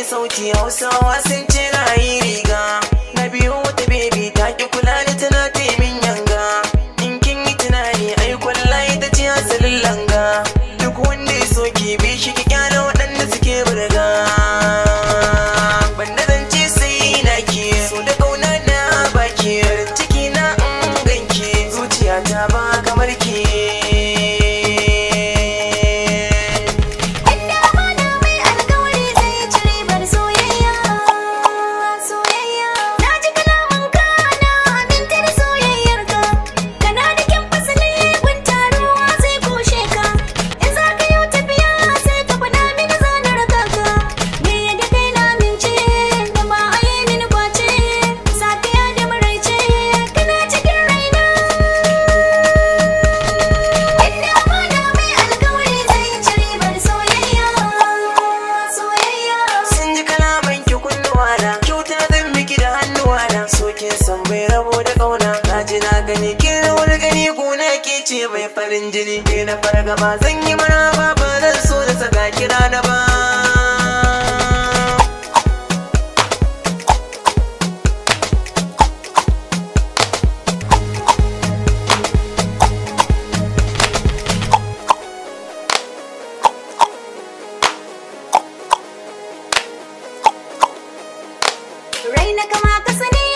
sauti hausawa sun ce na yi riga na biyu san bai rabo da kauna na ji na gani kin rawar gani na ke ce mai farin jini ke na fargaba zan yi mana ba ba zan so da saka kira na ba Raina kama ka sani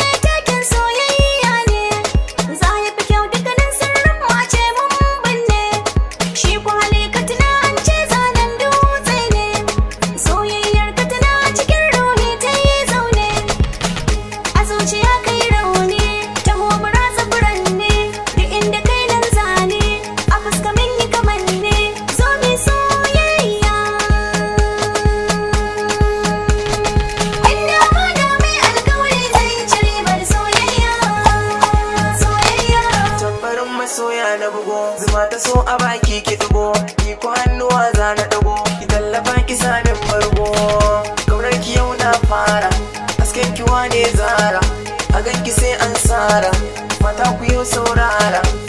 da so a baki ki dugo ki ku hannuwa za na dago ki tallafa ki samin bargo kaurar ki yau na fara asken ki wane zara a ganki sai an sara mata ku yau saurara